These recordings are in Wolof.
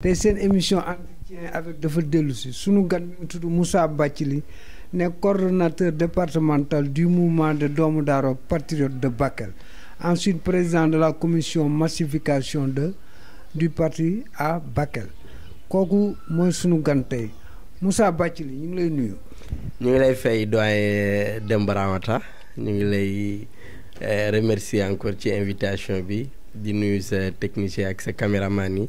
tey seen émission entretien avec dafa dellusi sunu gan mi tudd Moussa Bathily ne coordonnateur départemental du mouvement de doomu daaro patriote de Bakel ensuite président de la commission massification de du parti à Bakel kooku mooy sunu gan tey Moussa Bathily ñu ngi lay nuyu. ñu ngi lay fay doyen Demba Ramata ñu ngi lay eh, remercier encore ci invitation bi di nuyu sa technicien ak sa caméraman yi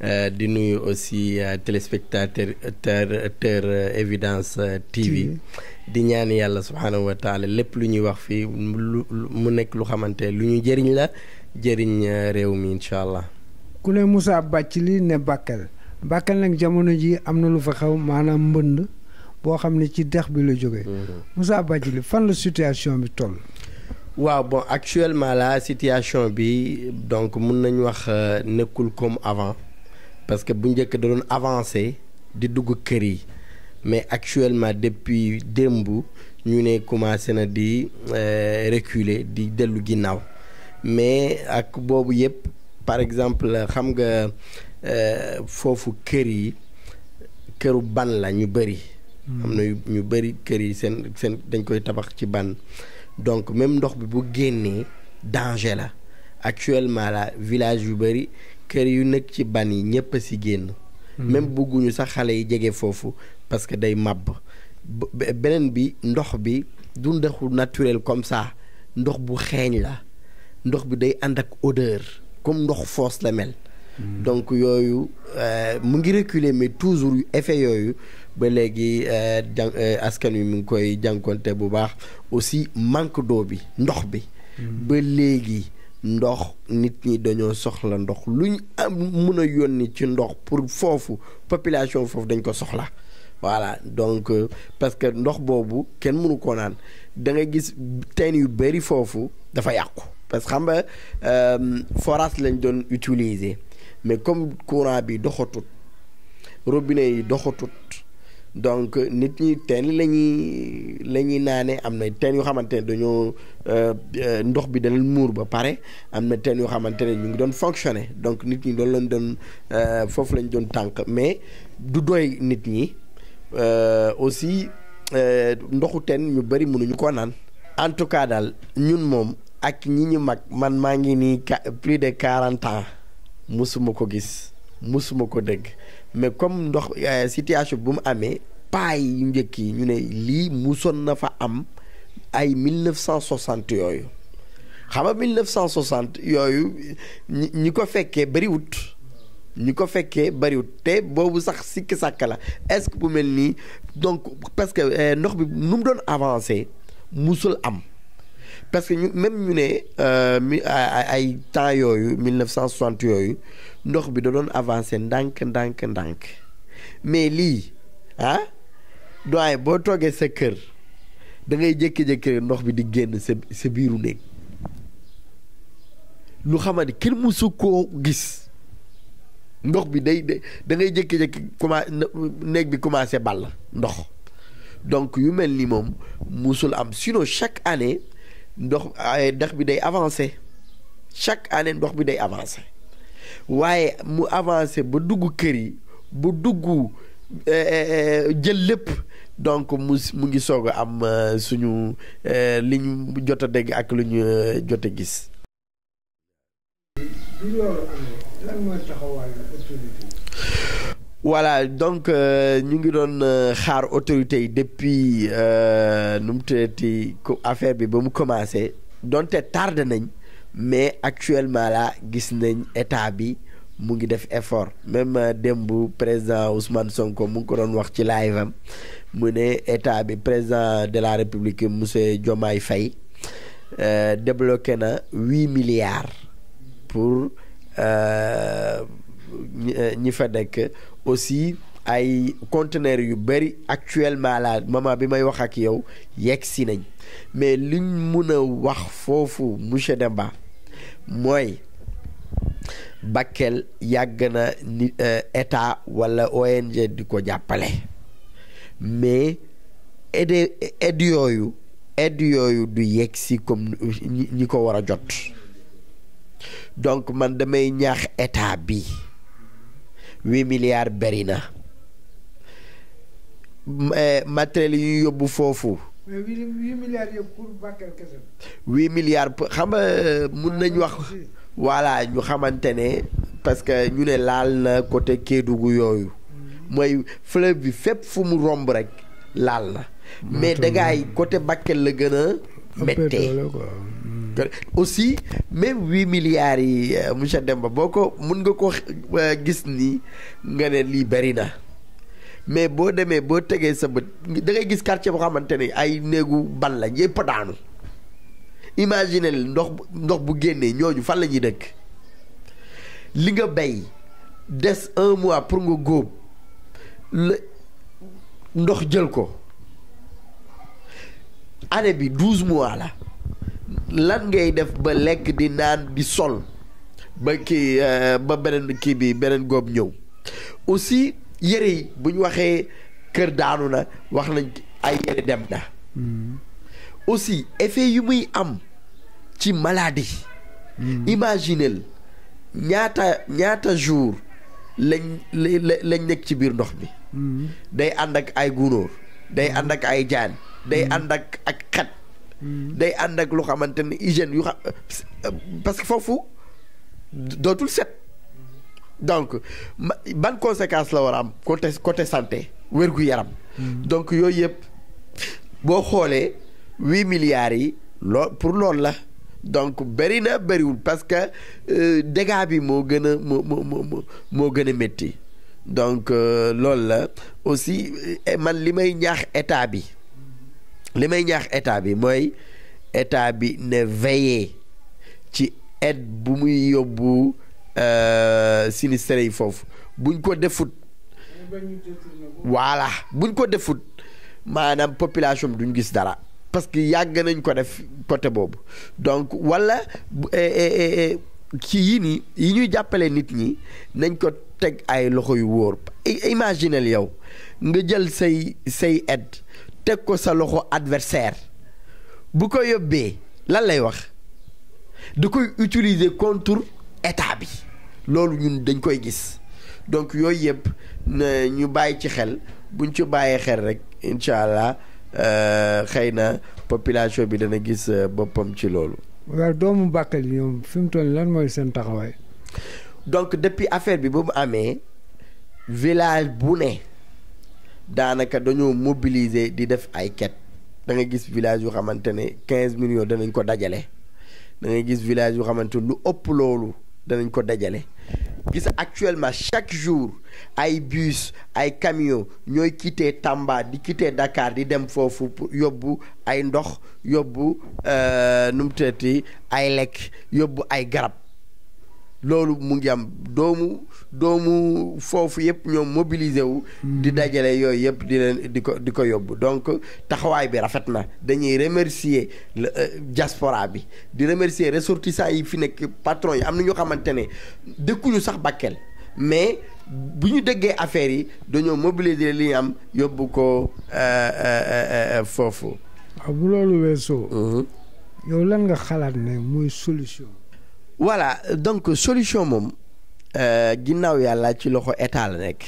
euh, di nuyu aussi euh, téléspectateur auteur euh, Evidence TV di ñaan yàlla subhaanahu wa taala lépp lu ñuy wax fii lu mu nekk lu xamante lu ñu jëriñ la jëriñ réew mi incha allah Koulé Moussa bàcc li ne Bakel Bakel nag jamono ji am na lu fa xew maanaam mbënn boo xam ne ci dex bi la jóge mm-hmm. Moussa bàcc li fan la situation bi toll waaw bon actuellement la situation bi donc mun nañ wax euh, nekkul comme avant parce que bu njëkk da doon avancé di dugg kër yi mais actuellement depuis démb ñu ne commencé na di euh, reculer di dellu ginnaaw mais ak boobu yëpp par exemple xam nga euh, foofu kër yi këru ban la ñu bëri. Hmm. am na ñu bëri kër yi seen seen dañ koy tabax ci ban. donc même ndox bi bu génnee danger la actuellement la village yu bëri kër yu nekk ci ban yi ñëpp a si génn. Hmm. même bëgguñu sax xale yi jege foofu parce que day màbb. beneen bi ndox bi du ndoxu naturel comme ça ndox bu xeeñ la ndox bi day ànd ak odeur comme ndox foos la mel. Hmm. donc yooyu euh, mu ngi reculer mais toujours effet yooyu. ba léegi euh, jan euh, askan wi mu ngi koy jànkonte bu baax aussi manque doo bi ndox bi mm-hmm. ba léegi ndox nit ñi dañoo soxla ndox lu ñu am mun a yónni ci ndox pour foofu population foofu dañ ko soxla voilà donc euh, parce que ndox boobu kenn mënu ko naan da nga gis teen yu bëri foofu dafa yàqu parce que xam nga forage lañ doon utiliser mais comme courant bi doxatut robinet yi doxatut donc nit ñi teen la ñuy la ñuy am na teen yoo xamante ne dañoo euh, euh, ndox bi dana muur ba pare am na teen yoo xamante ne ñu ngi doon fonctionner donc nit ñi loolu lañ doon euh, foofu lañ doon tànk mais du doy nit ñi aussi ndoxu teen ñu bëri munuñu ko naan. en tout cas daal ñun moom ak ñi ñu mag man maa ngi nii plus de quarante ans musuma ko gis. mësuma ko dégg mais comme ndox euh, situation bu mu amee paay yu njëkk yi ñu ne lii musoon na fa am ay 1960 yooyu xam nga 1960 yooyu ñi ñi ko fekkee bariwut ñi ko fekkee bariwut te boobu sax sikki sàkk la est-ce que bu mel nii donc parce que euh, ndox bi nu mu doon avancé musul am parce que ñu même ñu ne euh, mi ay temps yooyu 1960 yooyu. ndox bi da doon avancé ndànk ndànk ndànk mais lii ah doyen boo toogee sa kër da ngay jékki ndox bi di génn sa sa biiru néeg lu xamante kenn mësu koo gis ndox bi day da ngay jékki-jékki commencé néeg bi commencé ball ndox donc yu mel ni moom musul am sinon chaque année ndox ndox bi day avancé chaque année ndox bi day avancé waaye mu avancé ba dugg kër yi bu dugg eh, eh, eh, jël lépp donc mu mu ngi soog a am euh, suñu euh, li ñu jot a dégg ak lu ñu euh, jot a gis. voilà donc ñu ngi doon xaar autorités yi depuis nu mu tuddati affaire bi ba mu commencé donte tardé nañ. mais actuellement là gis nañ état bi mu ngi def effort même euh, bu président Ousmane Sonko mu ngi ko doon wax ci live am mu ne état bi président de la république monsieur Diomaye Faye euh, débloqué na huit milliards pour euh, ñi fa nekk aussi ay conteneurs yu bëri actuellement la moment bi may wax ak yow yegg si nañ mais liñ mun a wax foofu monsieur mba mooy Bakel yàgg na ni euh, état walla ONG di ko jàppale mais aide aide yooyu aide yooyu du yegg comme ñi ko war a jot donc man damay ñaax état bi huit milliards bari na euh, matériel yu yóbbu foofu mais huit milliards yëpp pour Bakel kese. huit milliards pour xam nga euh, mun nañ wax. Ah, voilà ñu xamante ne parce que ñu ne laal na côté Kédougou yooyu. Mm. mooy fleur bi fépp fu mu romb rek laal na. Mm. mais dagaay côté Bakel la gën a. méttee mm. aussi même huit milliards yi euh, monsieur Demba boo ko mun nga ko euh, gis ni nga ne lii bari na. mais boo demee boo tegee sa bët da ngay gis quartier boo xamante ni ay néegu ban la yëpp daanu imagine imaginel ndox ndox bu génnee ñooñu fan la ñuy dëkk li nga bay des un mois pour nga góob la ndox jël ko année bi douze mois la lan ngay def ba lekk di naan di sol ba kii euh, ba beneen ki bi beneen góob ñëw yëre yi bu ñu waxee kër daanu na wax nañ ay yëre dem na mm. aussi effet yu muy am ci maladie mm. imaginel ñaata ñaata jour lañ lañ nekk ci biir ndox mi mm. day ànd ak ay gunóor day ànd ak ay jaan day ànd ak xet day ànd ak lu xamante ne hygiène yu xam parce que foofu dootul set donc ban conséquence la war am côté côté santé wér-gu-yaram. Mm. donc yooyu yëpp boo xoolee huit milliards yi loo pour loolu la donc bëri na bëriwul parce que euh, dégâts bi moo gën a moo moo moo gën a métti donc euh, loolu la aussi euh, man li may ñaax état bi li may ñaax état bi mooy état bi ne veiller ci aide bu muy yóbbu. Euh, sinistre yi foofu buñ ko defut voilà buñ ko defut maanaam population bi duñ gis dara parce que yàgg nañ ko def côté boobu donc walla ci yii nii yi ñuy jàppale nit ñi nañ ko teg ay loxo yu wóor imaginel yow nga jël say say aide teg ko sa loxo adversaire bu ko yóbbee lan lay wax da koy utiliser contre état bi loolu ñun dañ koy gis donc yooyu yëpp ñu bàyyi ci xel buñ ci bàyyee xel rek incha allah euh, xëy na population bi dana gis euh, boppam ci loolu. waaw doomu Bakel yi ñoom fi mu lan mooy seen taxawaay. donc depuis affaire bi ba mu amee village bu ne daanaka dañoo mobiliser di def ay quête danga gis village yu xamante ne quinze millions danañ ko dajale da nga gis village yu xamante lu ëpp loolu. danañ ko dajale gis actuellement chaque jour ay bus ay camion ñooy quitté Tamba di quitté dakaar di dem foofu yóbbu ay ndox yóbbu euh, nu mu ay lekk yóbbu ay garab loolu mu ngi am doomu doomu foofu yëpp ñoom mobilisé wu. Hmm. di dajale yooyu yëpp di leen di ko di ko yóbbu donc taxawaay bi rafet na dañuy remercier le euh, bi di remercier ressortissants yi fi nekk patron yi am na ñoo xamante ne dëkkuñu sax Bakel mais. bu ñu déggee affaire yi dañoo mobiliser li ñu am yóbbu ko euh, euh, foofu. waaw ah, bu loolu weesoo. yow lan nga xalaat ne muy solution. voilà donc solution moom. Euh, ginnaaw yàlla ci loxo état la nekk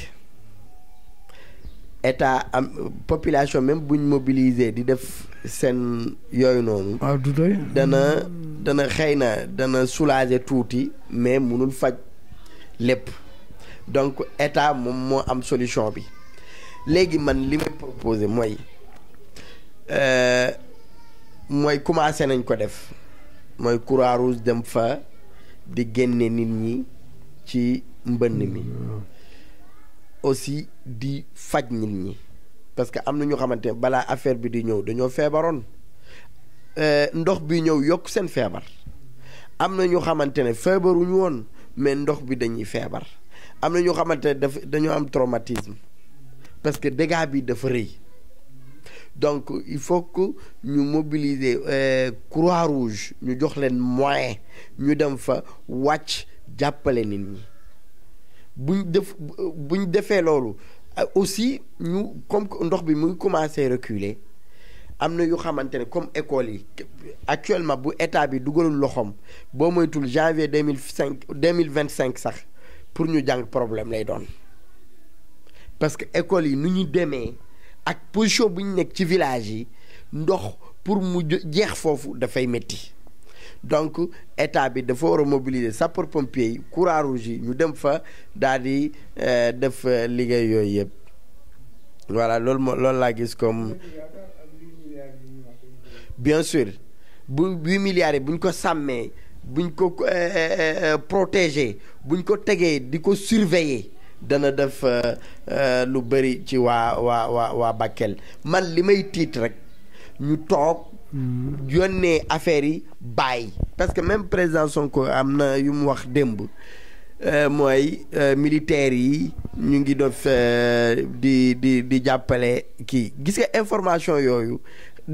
état am population même buñ mobiliser di def seen yooyu noonu. dana dana xëy na dana soulager tuuti mais mënul faj lépp donc état moom moo am solution bi léegi man li may proposer mooy euh, mooy commencé nañ ko def mooy Croix-Rouge dem fa di génne nit ñi. ci mbënn mi aussi di faj nit ñi parce que am na ñu xamante ne balaa affaire bi di ñëw dañoo feebaroon euh, ndox bi ñëw yokk seen feebar am na ñu xamante ne feebaruñu woon mais ndox bi dañuy feebar am na ñu xamante ne daf dañoo am traumatisme parce que dégâts bi dafa rëy donc il faut que ñu mobiliser euh, Croix-Rouge ñu jox leen moyen ñu dem fa wàcc jàppale nit ñi buñ def buñ defee loolu aussi ñu comme ndox bi mu ngi commencé reculer am na yu xamante ne comme école yi actuellement bu état bi dugalul loxoom boo moytul janvier deux mille cinq deux mille vingt cinq sax pour ñu jàng problème lay doon parce que école yi nu ñu demee ak position bu nekk ci village yi ndox pour mu jeex foofu dafay métti. donc état bi dafa war a mobiliser sapeur pompier yi croix rouge ñu dem fa daal di euh, def euh, liggéey yooyu yëpp voilà loolu moo loolu laa gis comme bien sûr bu huit milliards bu ñu ko sàmmee buñ ko euh, bu buñ ko tegee di ko surveiller dana def lu bëri ci waa waa waa waa man li may tiit rek ñu toog yónnee affaire yi bàyyi. parce que même président ko am na yu mu wax démb euh, mooy euh, militaires yi ñu ngi def euh, di di di jàppale kii gis nga information yooyu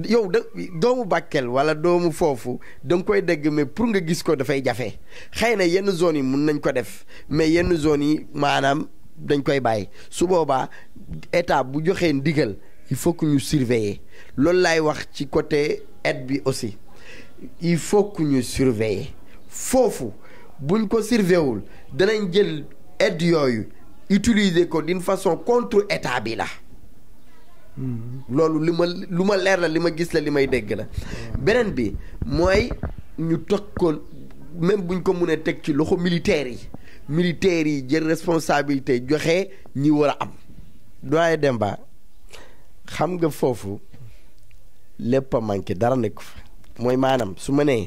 yow da doomu Bakel wala doomu foofu da koy dégg mais pour nga gis ko dafay jafe xëy na yenn zones yi mun nañ ko def mais yenn zones yi maanaam dañ koy bàyyi su boobaa état bu joxee ndigal. il faut que ñu surveiller loolu laay wax ci côté aide bi aussi il faut que ñu surveiller foofu buñ ko surveiller wul danañ jël ed yooyu utiliser ko d'une façon contre état bi la. Hmm. loolu li lu ma leer la li ma gis la li may dégg la. Hmm. beneen bi mooy ñu tog ko même buñ ko mënee teg ci loxo militaires yi militaires yi jël responsabilité joxe ñi war a am. doyen Demba. xam nga foofu lépp a manqué dara nekk fa mooy maanaam su ma nee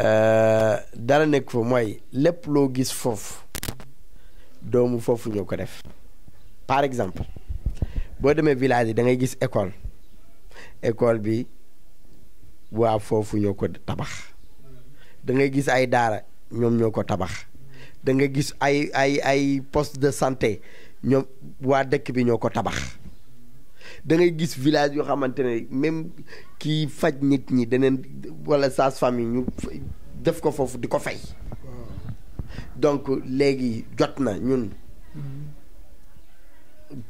euh, dara nekk fa mooy lépp loo gis foofu doomu foofu ñoo ko def par exemple boo demee village yi da ngay gis école école bi waa foofu ñoo ko tabax da ngay gis ay daara ñoom ñoo ko tabax da nga gis ay ay ay poste de santé ñoom waa dëkk bi ñoo ko tabax da ngay gis village yoo xamante ne même kii faj nit ñi daneen wala sage-femme yi ñu def ko foofu di ko fay donc léegi jot na ñun mm-hmm.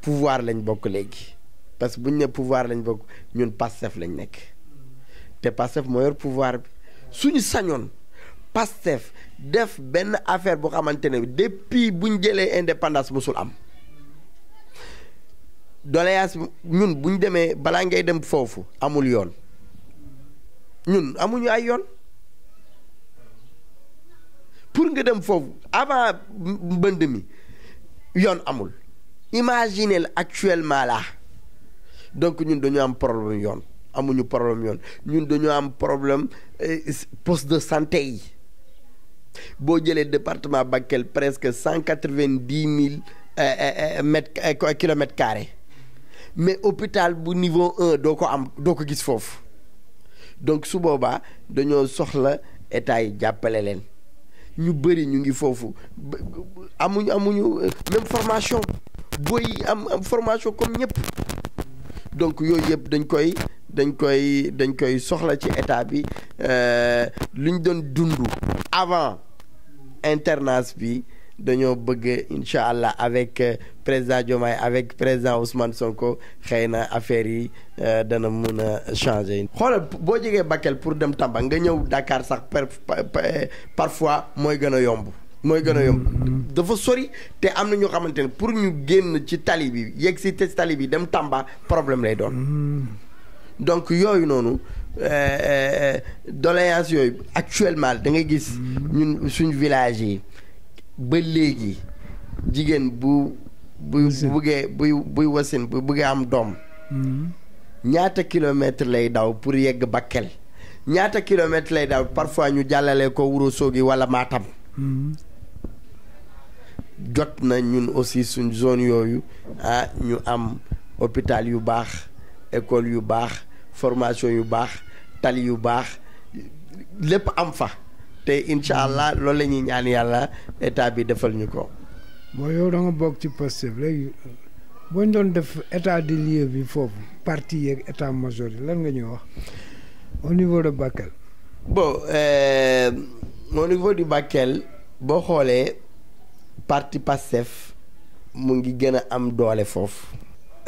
pouvoir lañ bokk léegi parce que bu ñu ne pouvoir lañ bokk ñun Pastef lañ nekk mm-hmm. te Pastef moo yor pouvoir bi suñu sañoon Pastef def benn affaire boo xamante ne depuis bu ñu jëlee indépendance mosul am doléance ñun bu ñu demee balaa ngay dem foofu amul yoon ñun amuñu ay yoon pour nga dem foofu avant mbënd mi yoon amul imaginez actuellement la donc ñun dañu am problème yoon amuñu problème yoon ñun dañu am problème eh, poste de santé yi boo jëlee département Bakel presque cent quatre-vingt-dix mille eh, eh, mètres kilomètres carrés mais hôpital bu niveau un doo ko am doo ko gis foofu donc su boobaa dañoo soxla état yi jàppale leen ñu bëri ñu ngi foofu amuñu amuñu euh, même formation booy am formation comme ñëpp donc yooyu yëpp dañ koy dañ koy dañ koy soxla ci état bi euh, lu ñu doon dund avant internat bi. dañoo bëgg incha allah avec euh, président Diomaye avec président Ousmane Sonko xëy na affaire yi euh, dana mun a changer. xoolal boo jógee Bakel pour dem Tamba nga ñëw Dakar sax eh, parfois mooy gën a yomb. mooy gën a yomb dafa sori te am na ñoo xamante ne pour ñu génn ci tali bi yegg si tali bi dem Tamba problème lay doon. donc yooyu noonu. Euh, doléance yooyu actuellement da nga gis ñun suñu village yi ba léegi jigéen bu bu buggee buy buy wasin bu buggee am doom mm-hmm. ñaata kilomètre lay daw pour yegg Bakel ñaata kilomètre lay daw parfois ñu jàllale ko Wuro Sogi wala Matam mm-hmm. jot na ñun aussi suñu zone yooyu ah ñu am hôpital yu baax école yu baax formation yu baax tali yu baax lépp am fa te incha mm. allah loolu la ñuy ñaan yàlla état bi defal ñu ko. bon yow da bokk ci Pastef léegi boo ñu doon def état des lieux bi foofu parti yeeg état major yi lan nga ñuy wax au niveau de Bakel. bon euh, au boo xoolee parti Pastef mu ngi gën a am doole foofu.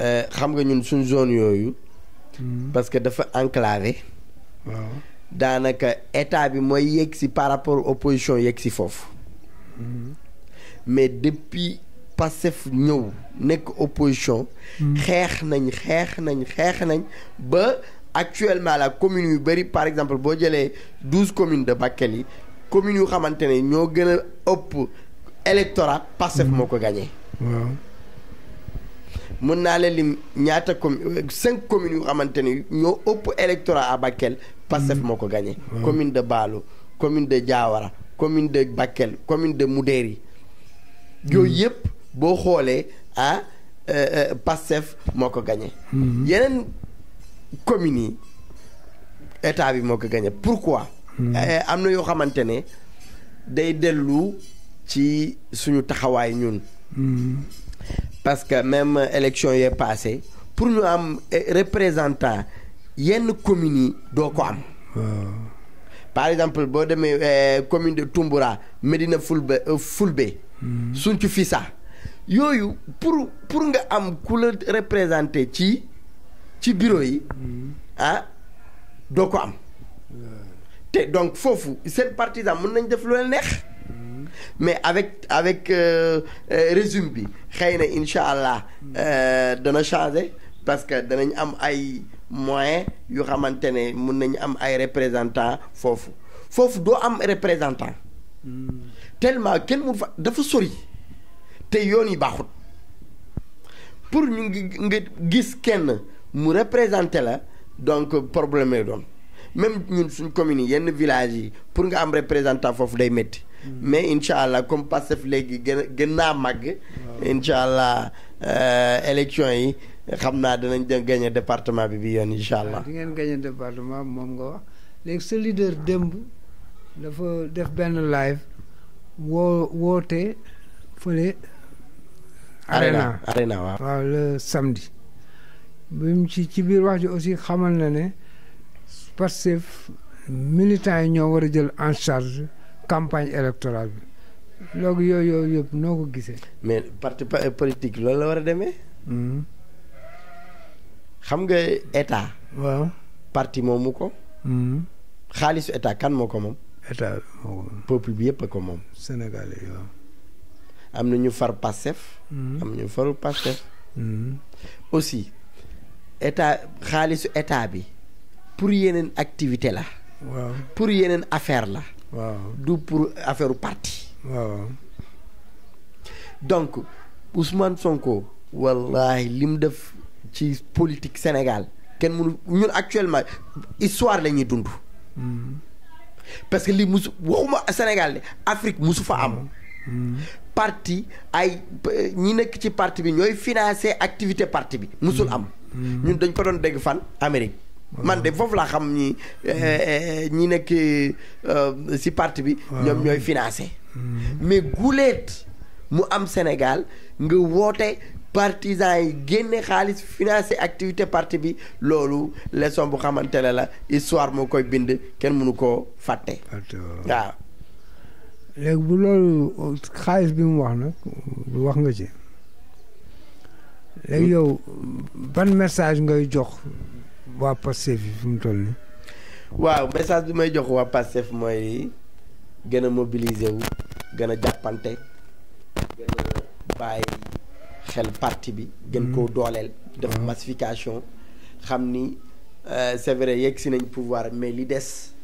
Euh, xam nga ñun suñ zone yooyu. Mm. parce que dafa enclavé. waaw. daanaka état bi mooy yegg si par rapport opposition yegg si foofu mhm. mais depuis Pastef ñëw nekk opposition mhm. xeex nañ xeex nañ xeex nañ ba actuellement la commune yu bëri par exemple boo jëlee douze communes de Bakel yi communes yu xamante ne ñoo gën a ëpp électorat Pastef mhm. moo ko gañee mën naa leen lim ñaata commune euh, cinq communes yu xamante ni ñoo ëpp électorat à Bakel Pastef mm. moo ko gagné mm. commune de baalo commune de Diawara commune de Bakel commune de Moudéri mm. yooyu yëpp boo xoolee ah euh, euh, Pastef moo ko gagné yeneen communes yi état bi moo ko gagné pourquoi eh, eh, am na yoo xamante ne day dellu ci suñu taxawaay ñun parce que même élection yee passé pour ñu am eh, représentant yenn communes yi doo ko am. Ah. par exemple boo demee eh, commune de Toumbura Medina Fulbe euh, Fulbe. Hmm. Suncu Fissa yooyu pour pour nga am ku la ci ci bureau yi. Hmm. ah doo ko am. te donc foofu seen partisan mun nañ def lu leen neex. mais avec avec euh, euh résumé bi xëy na incha allah euh, dana changer parce que danañ am ay moyens yu xamante ne mun nañ am ay représentant foofu foofu doo am représentant tellement kenn mu fa dafa sori te yoon yi baaxut pour ñu ngi nga gis kenn mu représenté la donc problème lay doon même ñun suñ communes yi yenn villages yi pour nga am représentant foofu day métti. mais incha allah comme Pastef léegi gën gën naa màgg. incha allah euh, élection yi xam naa danañ dem gagné département bi bi yoon incha allah. di ngeen gagné département moom nga wax léegi sa leader démb dafa def benn live woo woote fële. arena arena waaw waaw le bi mu ci ci biir wax ji aussi xamal na ne Pastef militants yi ñoo war a jël en campagne électorale bi loolu yooyu yooyu yëpp noo ko gisee. mais parti politique loolu la war a deme hmm. xam nga état. parti moomu ko. Hmm. xaalisu état kan moo ko moom. état moo bi yëpp a ko moom. Sénégalais waaw. am na ñu far Pastef. Hmm. am ñu faru Pastef. aussi état xaalisu état bi pour yeneen activité la. pour yeneen affaire la. du pour affaire parti. waaw. donc Ousmane Sonko. wallahi li mu def ci politique Sénégal kenn mënu ñun actuellement histoire la ñuy dund. Hmm. parce que li musu waxuma Sénégal de Afrique musu fa am. Hmm. Hmm. parti ay ñi nekk ci parti bi ñooy financer activité parti bi. musul am. ñun dañ ko doon dégg fan Amérique. man de foofu laa xam ñi eh, eh, eh, ñi nekk euh, si parti bi. ñoom ñooy financé. Mm-hmm. mais guleet mu am Sénégal nga woote partisans yi génne xaalis financé activité parti bi loolu leçon bu xamante ne la histoire moo koy bind kenn mënu koo fàtte. waaw. léegi bu loolu xaalis bi mu wax nag wax nga ci léegi yow ban message ngay jox. waa Pastef yi fi mu toll nii. waaw message bi may jox waa Pastef mooy gën a mobiliser gën a jàppante gën a bàyyi xel parti bi. gën koo mm-hmm. dooleel. def mm-hmm. massification xam ni euh, c'est vrai yegg si nañ pouvoir mais li des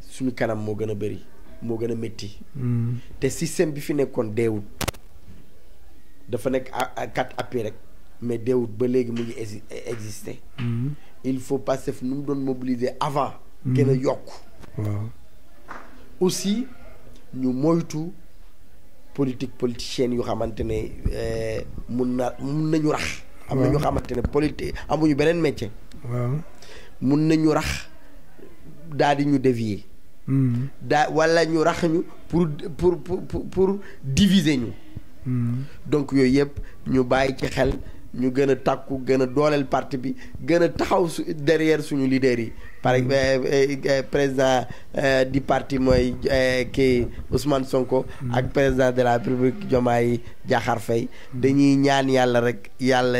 suñu kanam moo gën a bëri moo gën a métti. Mm-hmm. te système bi fi nekkoon deewut dafa nekk à quatre appui rek mais deewut ba léegi mu ngi exister. il faut Pastef nu mu doon mobiliser avant. Mhm. gën a yokk. aussi ñu moytu politique politicienne yu xamante ne euh, mun na mun nañu rax. am na ñu xamante ne politique amuñu beneen métier. waaw mun nañu rax daal di ñu yi mhm. daa wala ñu rax ñu pour pour pour pour diviser ñu. Mhm. donc yooyu yëpp ñu bàyyi ci xel. ñu gën a takku gën a dooleel parti bi gën a taxaw su derrière suñu leader yi par mm. eh, eh, eh, président di parti mooy ki Ousmane Sonko. Mm. ak président de la République Diomaye Diakhar Faye mm. dañuy ñaan yàlla rek yàlla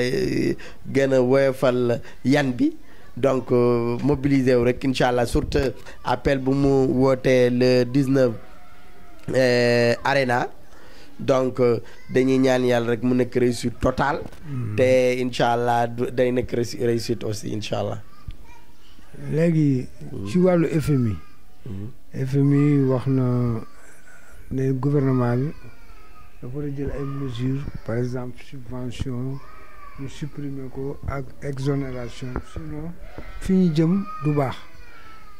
gën a woyofal yan bi donc euh, mobiliser wu rek incha allah surtout appel bu mu wootee le 19 Arena. donc euh, dañuy ñaan yàlla rek mu nekk réussite total hmm. te incha allah day nekk réussite aussi incha allah. léegi. Hmm. ci wàllu FMI. Hmm. FMI wax na ne gouvernement bi dafa war a jël ay mesures par exemple subvention ñu supprimer ko ak exonération sinon fi ñu jëm du baax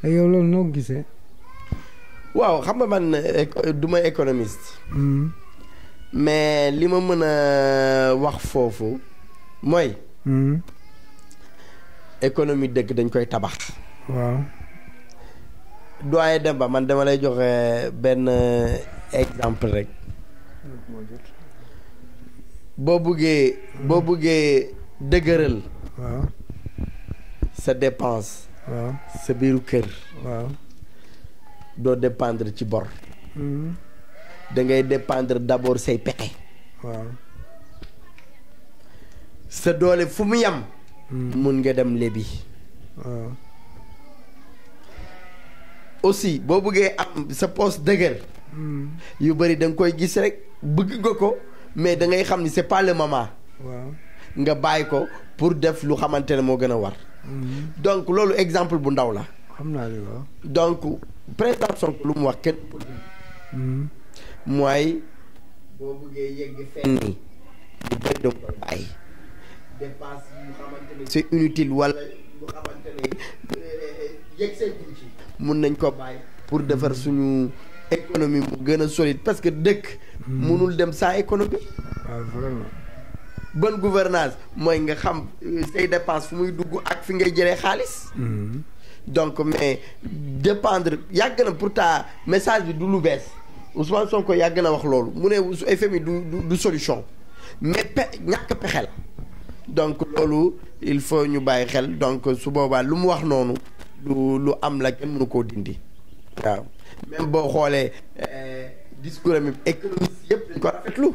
te yow loolu noo gisee. waaw xam nga man euh, du may mais li ma mën a wax foofu mooy. Hmm. économie dëkk dañ koy tabax. waaw. doyen ba man dama lay joxe benn exemple rek. boo buggee boo buggee dëgëral. waaw. sa dépense. sa biiru kër. doo dépendre ci bor. Hmm. da ngay dépendre d'abord say pexe. waaw. sa doole fu mu yam. Hmm. mun nga dem léebi aussi boo bëggee am sa poche dëgër. Hmm. yu bëri da nga koy gis rek bëgg nga ko mais da ngay xam ni sa pas le moment. nga bàyyi ko pour def lu xamante ne moo gën a war. Hmm. donc loolu exemple bu ndaw la. xam naa donc président Sonko lu mu wax kenn. mooy boo bëggee yegg fenn yi bu bëri inutile wala bu eh, mun nañ ko bàyyi pour defar suñu économie mu gën a solide parce que dëkk mënul dem sans économie waaw ah, vraiment gouvernance mooy nga xam euh, say dépense fu muy dugg ak fi ngay jëlee xaalis mhm. donc mais dépendre yàgg na pour pourtant message bi du lu bees Ousmane Sonko yàgg na wax loolu mu ne FMI du du solution mais pe ñàkk pexe la donc loolu il faut ñu bàyyi xel donc su boobaa lu mu wax noonu du lu am la kenn mënu koo dindi waaw même boo xoolee eh, discours am économiste yëpp dañ ko rafetlu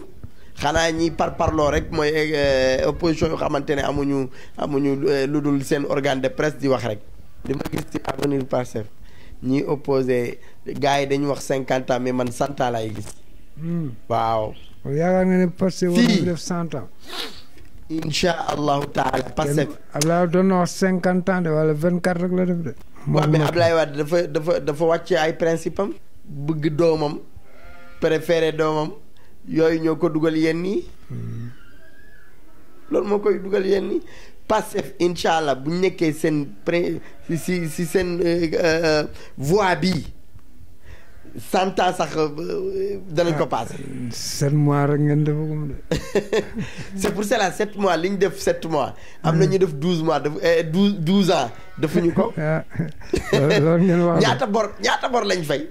xanaa ñi par parloo rek mooy eh, opposition yoo xamante ne amuñu amuñu eh, lu dul seen organe de presse di wax rek li ma gis ci avenir Pastef ñiy opposé gars yi dañu wax cinquante ans mais man cent ans laay gis. Hmm. waaw. yaakaar nga ne Pastef war na def cent ans. incha allahu doon na wax cinquante ans de wala vingt quatre rek la def de. waaw mais Abdoulaye Wade dafa dafa dafa wàcc ay principam am. bëgg doomam. préféré doomam. yooyu ñoo ko dugal yenn yi. Hmm. loolu moo koy dugal yenn yi Pastef incha allah bu nekkee seen pré si si seen euh, euh, voie bi santa sax euh, danañ ko ah, paase. sept mois rek ngeen def ko moom de. c'est pour cela sept mois li ñu def sept mois. am na ñu def douze mois def douze douze ans ñu ko. Ah, loolu ngeen wax ñaata bor ñaata bor lañ fay.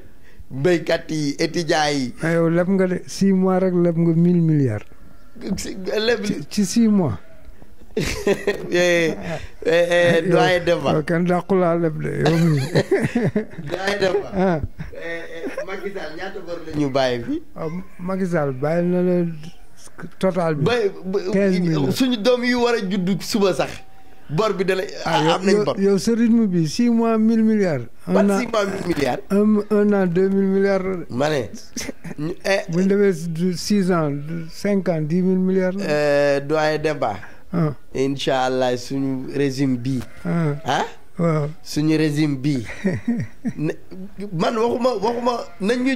béykat yi étudiants yi. Ah, yow leb nga de six mois rek leb nga mil milliards. ci six mois. Eh, eh, eh, doyen Demba. kenn dàqu laa leb de yow mii. doyen Demba. Ah. Macky Sall ñaata bor ah, na la total bi. quinze mille suñu doom yi war a judd suba sax. bor bi dala ah, am nañ bor yow sa rythme bi six mois mille milliards. un an six mois milliards. ma ne. bu ñu demee six ans dix mille milliards. doyen Demba. Ah. incha allah suñu résime bii. Ah. ah. waaw suñu régime bii man waxuma waxuma nañu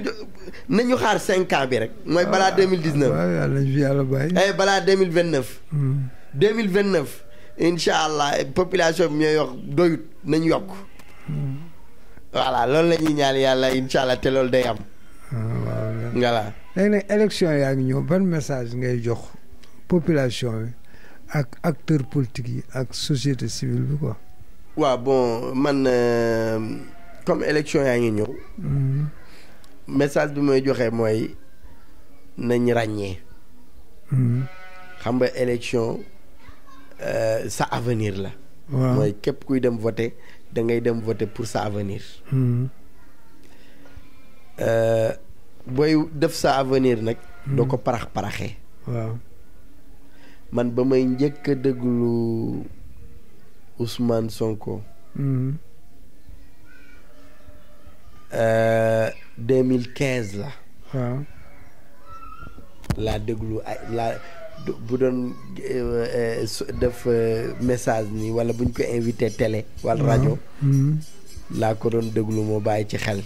nañu xaar cinq ans bi rek. mooy balaa ah. deux mille dix neuf. yàlla fi yàlla bàyyi. mille vingt neuf. deux mille vingt hmm. neuf. incha allah population bi ñooy yokk doyut nañu yokk. Hmm. voilà loolu la ñuy ñaan yàlla incha te loolu day am. voilà. léegi nag élection yaa ngi ñëw ban message ngay jox population bi. ak acteurs politiques yi ak société civile bi quoi. waaw bon man euh, comme élection yaa ngi ñëw. Mm-hmm. message bi mooy joxe mooy nañ ràññee. Mm-hmm. xam nga élection euh, sa avenir la. waaw mooy képp kuy dem voter da ngay dem voter pour sa avenir. Mm-hmm. Euh, booy def sa avenir nag. doo ko parax paraxee. man ba may njëkk a usman Sonko. 2015 mhm. euh, la. waaw. laa déglu ay laa bu doon euh, def euh, message nii wala buñ ko invité télé. wala mhm. rajo. Mhm. laa ko doon déglu moo bàyyi ci xel.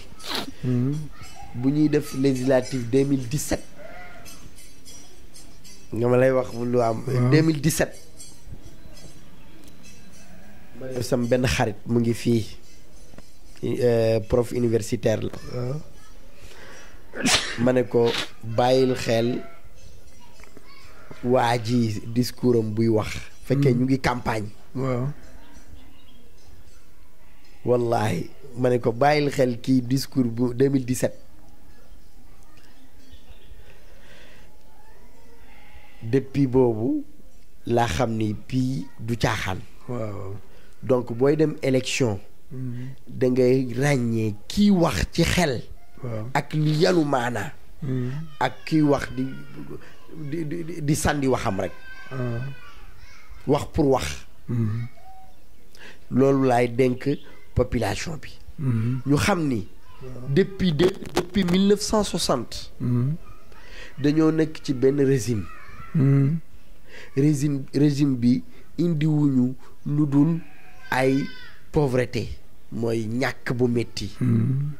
bu ñuy def législative 2017. nga ma lay wax lu am. 2017. ma def sam benn xarit mu ngi fii euh, prof universitaire la. Ah. ma ne ko bàyyil xel waa ji discours am buy wax. fekkee hmm. ñu ngi campagne. waaw. wallaahi ma ne ko bàyyil xel kii discours bu 2017. depuis boobu laa xam ni bii du caaxaan. donc booy dem élection. Mhm. dangay ngay ràññee kii wax ci xel. ak li yanu maanaa. Mhm. ak kii wax di di di sànni waxam rek. Ah. wax pour wax. Mhm. loolu laay dénk population bi. ñu xam ni. depuis de depuis mille neuf dañoo nekk ci benn régime. Hmm. régime régime bi indiwuñu lu dul ay povreté mooy ñàkk bu metti hmm.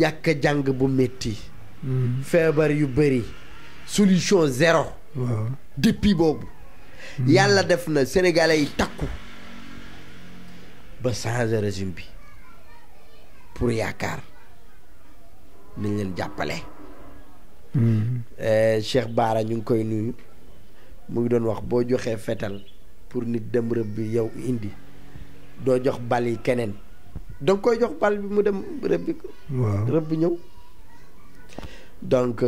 ñàkk jàng bu metti hmm. feebar yu bëri solution zéro waaw boobu yàlla def na sénégalais yi takku ba changer régime bi pour yaakaar nañ leen jàppale Eh, Cheikh Baara ñu ngi koy nuyu mu ngi doon wax boo joxee fetal pour nit dem rëbb bi yow indi doo jox bal yi keneen danga koy jox bal bi mu dem rëbbi ko rëbb ñëw donc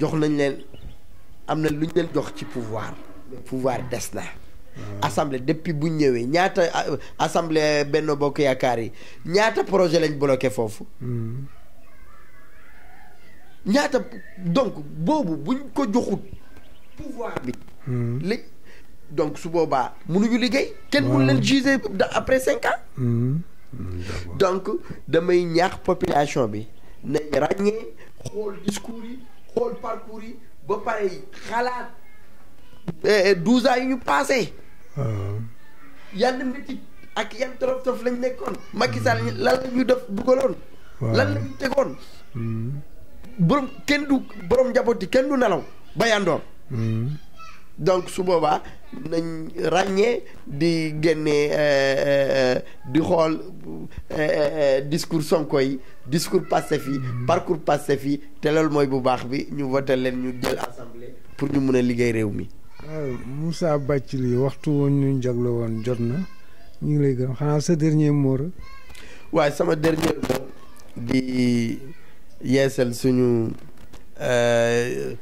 jox nañ leen am na lu ñu leen jox ci pouvoir pouvoir des na assemblée depuis buñ ñëwee ñaata euh, assemblée benn Bokk Yaakaar yi ñaata projet lañ bloqué foofu hmm. ñaata donc boobu buñ ko joxut pouvoir bi. Hmm. léegi donc su boobaa mënuñu liggéey. kenn mënu leen hmm. juger après cinq ans. Hmm. donc damay ñaax population bi nañ ràññee xool discours yi xool parcours yi ba pare xalaat eh, eh, douze ans yu ñu passé. Ah. yan métit ak yan torof torof lañ nekkoon. Macky Sall lan la ñu def dugaloon. lan la ñu tegoon. borom kenn du borom njaboot yi kenn du nelaw ba hmm. donc su boobaa nañ ràññee di génnee euh, euh, di xool euh, discours Sonko yi discours Pastef yi hmm. parcours Pastef yi te loolu mooy bu baax bi ñu voté leen ñu jël assemblée pour ñu mun a liggéey réew mi. waaw Moussa Bathily waxtu woon ñu jagle woon jot na ñu ngi lay gërëm xanaa sa dernier mot. waaye sama dernier mot di. yeesal suñu euh,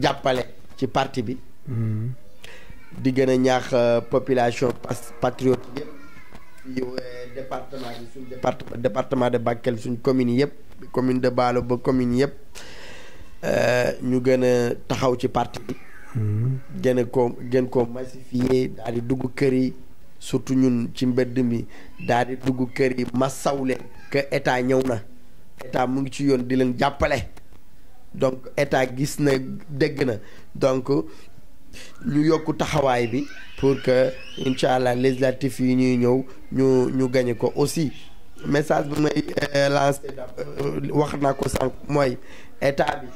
jàppale ci parti bi mm-hmm. di gën a ñaax euh, population patriote yëpp yu euh, département bi département de Bakel suñu commune yëpp commune de Balo ba commune yëpp ñu gën a taxaw ci parti bi mm-hmm. gën a ko gën ko massifier daal di dugg kër yi surtout ñun ci mbedd mi daal di dugg kër yi masaw leen que ñëw na état mu ngi ci yoon di leen jàppale donc état gis na dégg na donc ñu yokk taxawaay bi pour que incha allah législatif yi ñuy ñëw ñu ñu gañe ko aussi message bi may euh, lancé euh, wax naa ko sànq mooy état bi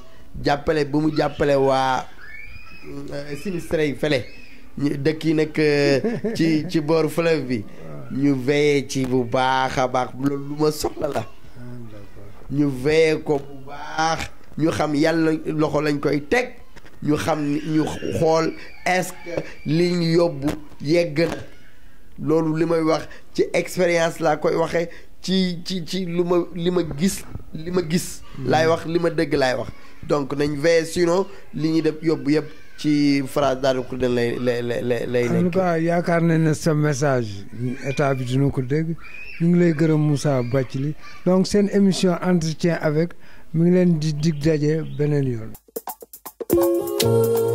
jàppale bu mu jàppale waa euh, sinistre yi fële ñu dëkk yi nag ci ci boor fleuve bi ñu veillé ci bu baax a baax loolu lu ma soxla la ñu veye ko bu baax ñu xam yàlla loxo lañ koy teg ñu xam ñu xool est li ñu yóbbu yegg na loolu li may wax ci expérience laa koy waxee ci ci ci lu ma li ma gis li ma gis laay wax li ma dégg laay wax donc nañ veye sinon li ñuy def yóbbu yëpp ci phrase daal ko lay lay lay lay nekk yaakaar ne ne sa message état bi dina ko dégg ñu ngi lay gërëm Moussa li donc seen émission entretien avec mi ngi leen di dig daje beneen yoon.